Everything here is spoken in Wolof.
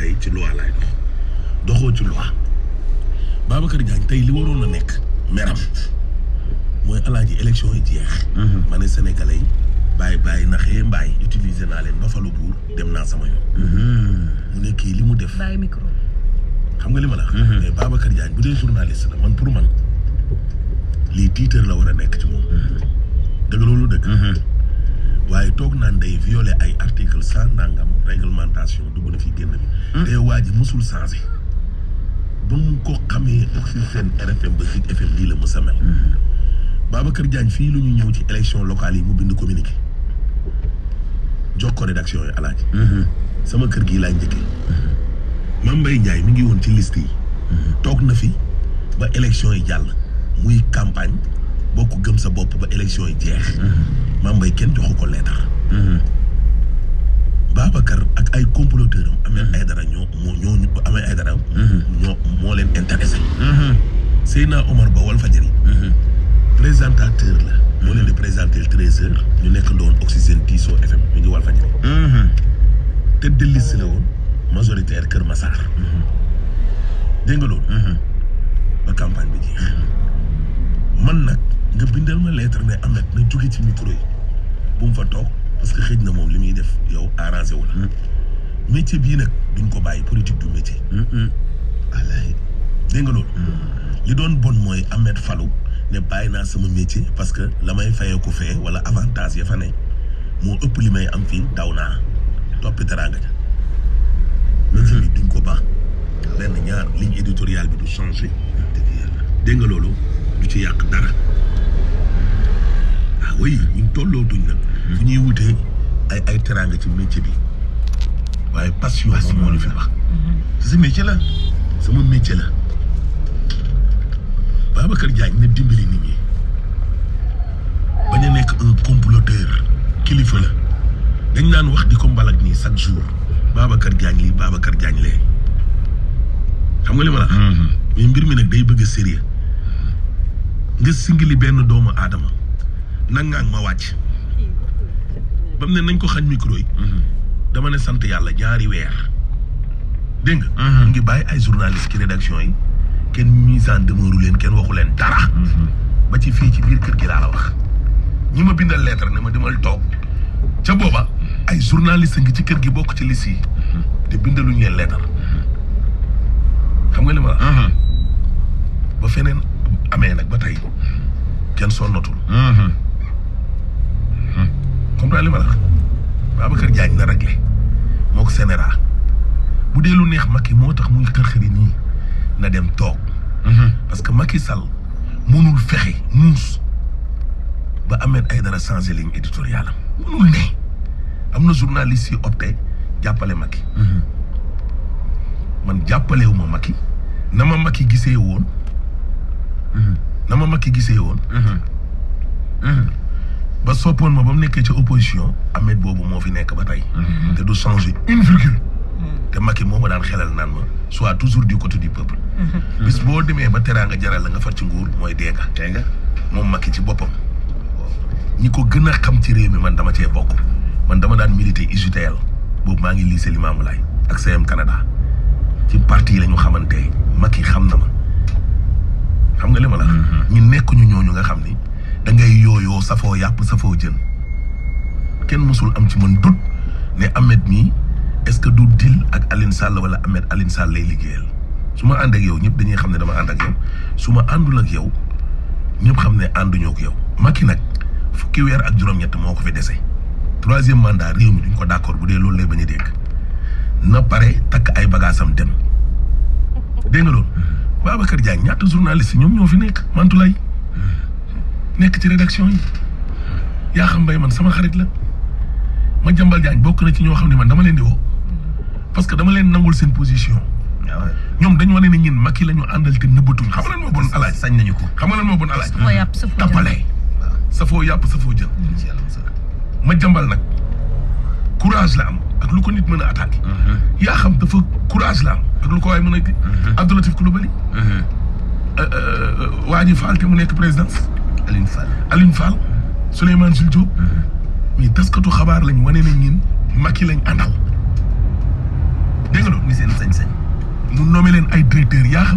tey ci loi laay dox ci loi Babacar tey li waroon a nekk meram mooy alaaji élection yi jeex. Mhm. ma ne sénégalais yi bàyyi bàyyi naxee mbaay utiliser naa leen ba falu buur dem naa sama yoon. Mhm. mu ne kii li mu def. bàyyi xam nga li ma la. Mhm. mais Babacar Diagne bu dee journaliste la man pour man lii tiitër la war a nekk ci moom. dëgg loolu dëgg. waaye toog naan day violer ay article sans nangam. orientation dugg na fi génn bi hmm? te waa ji mosul changé ba mu ko xamee ak fi seen RFM ba Zik FM lii la mu samel kër Diagne fii lu ñu ñëw ci élection locale yi mu bind communiqué jox ko rédaction yi alaaji hmm. sama kër gii laay njëkkee hmm. Mame Mbaye Ndiaye mi ngi woon ci liste yi toog na fi ba élection yi jàll muy campagne bokk gëm sa bopp ba élection yi jeex Mame Mbaye kenn joxu ko leetar moo ñooñu ba amee ay dara. Mhm. ñoo moo leen intéressé. Mhm. Seyna Omar Ba Walfadjri. Mhm. présentateur la. moo leen di présenté treize heures. ñu nekk doon Oxygène Diso FM mi ngi Walfadjri. te de liste la woon majoritaire Kër Massar. dégg nga loolu. ba campagne bi jeex. man nag nga bindal ma lettre ne Ahmed na jóge ci micro yi bu mu fa toog parce que xëj na moom li muy def yow arrangé wu la. métier bii nag duñ ko bàyyi politique du métier. wallaahi mm, mm. dégg nga loolu. Mm. li doon bon mooy Ahmed Fallou ne bàyyi naa sama métier parce que la may fayee ko fee wala avantage ya fa ne moo ëpp li may am fii daw naa toppi teraanga ja. Mm-hmm. métier bi duñ ko baax. benn ñaar ligne éditoriale bi du changé. dégg nga loolu du ci yàq dara. ah oui ñun tollootuñ nag. Mm-hmm. fu ñuy wutee ay ay teraanga ci métier bi. waaye passion moo ñu fi wax sa métier la sama métier la Babacar Diagne na dimbali nit ñi bañ a nekk un comploteur kilifa la dañ naan wax di ko mbalak nii chaque jour Babacar Diagne lii Babacar Diagne lee xam nga li ma la mm-hmm. mais mbir mi nag day bëgg a sérieux mm-hmm. nga singili benn doomu aadama nan nangaang ma wàcc bam ne nañ ko xañ micro yi mm-hmm. dama ne sant yàlla ñaari weer dégg nga. Mhm. mu ngi bàyyi ay journaliste ci rédaction yi kenn mise en leen kenn waxu leen dara. Mhm. ba ci fii ci biir kër gi laa la wax. ñi ma bindal lettre ne ma demal toog ca booba ay journaliste ngi ci kër gi bokk ci liste yi. Mhm. te bindaluñ leen lettre. xam nga li ma wax. ba feneen amee nag ba tey kenn sonnatul. comprendre li ma la wax Babacar Diagne na réglé. bu dee lu neex Macky motax tax kër xërxëri ni na dem tok mhm. parce que Macky Sall mënul fexé muus ba amène ay dara changer ligne éditoriale am mënul ne am na journaliste yi opté jàppale Macky. Mhm. man jàppalewu ma Macky nama ma Macky won woon. na ma Macky gisee woon. Mhm. ba soppoon ma ba mu nekkee ca opposition Ahmed bobu mo fi nekk ba tay te du changer une virgule. te Macky moo ma daan xelal naan ma soit toujours du côté du peuple. Mm-hmm. bis boo demee ba teraanga jaral la nga far ci nguur mooy dee nga. dee nga moom Macky ci boppam. ñi ko gën a xam ci réew mi man dama cee bokk man dama daan militer UJTL boobu maa ngi lycée Limamoulaye ak CM Canada ci parti yi la ñu xamante Macky xam na ma xam nga li ma la. Mm-hmm. ñu nekk ñu ñooñu nga xam ni da ngay yooyoo safoo yàpp safoo jën kenn mësul am ci man dut ne Ahmed mii. est-ce que du deal ak Alioune Sall wala Ahmed Alioune Sall lay liggéeyal su ma ànd ak yow ñëpp dañuy xam ne dama ànd ak yow su ma àndul ak yow ñëpp xam ne ànduñook ak yow. ki nag fukki weer ak juróom-ñett moo ko fi dese troisième mandat réew mi duñ ko d'accord bu dee loolu lay ba ñu dégg na pare takk ay bagaasam dem dégg nga loolu. Mm-hmm. Babacar Diagne ñaata journaliste ñoom ñoo fi nekk Mantoulaye mm-hmm. nekk ci rédaction yi yaa xam mbay man sama xarit la ma jàmbal Diagne bokk na ci ñoo xam ne man dama leen di woo. parce que dama leen nangul seen position. Ah ñoom dañu wane ne ñun Macky la ñu àndal te nëbbatuñ ah, xam nga lan moo bon alaaj sañ nañu ko xam nga lan moo bon alaaj tappale safoo yàpp safoo jël ah. mm-hmm. ma jàmbal nag courage la am ak lu ko nit mën a attaqué mm-hmm. yaa xam dafa courage la am ak lu ko waay mën a ki mm-hmm. Abdoulatif Coulibaly euh, euh, euh, waa ji Fall te mu nekk président Aline Fall Aline Fall Souleymane Jules Diop mais taskatu xabaar lañ wane ne ñun Macky lañ àndal dégg nga seen sañ-sañ ñu nommé leen ay directeurs yaa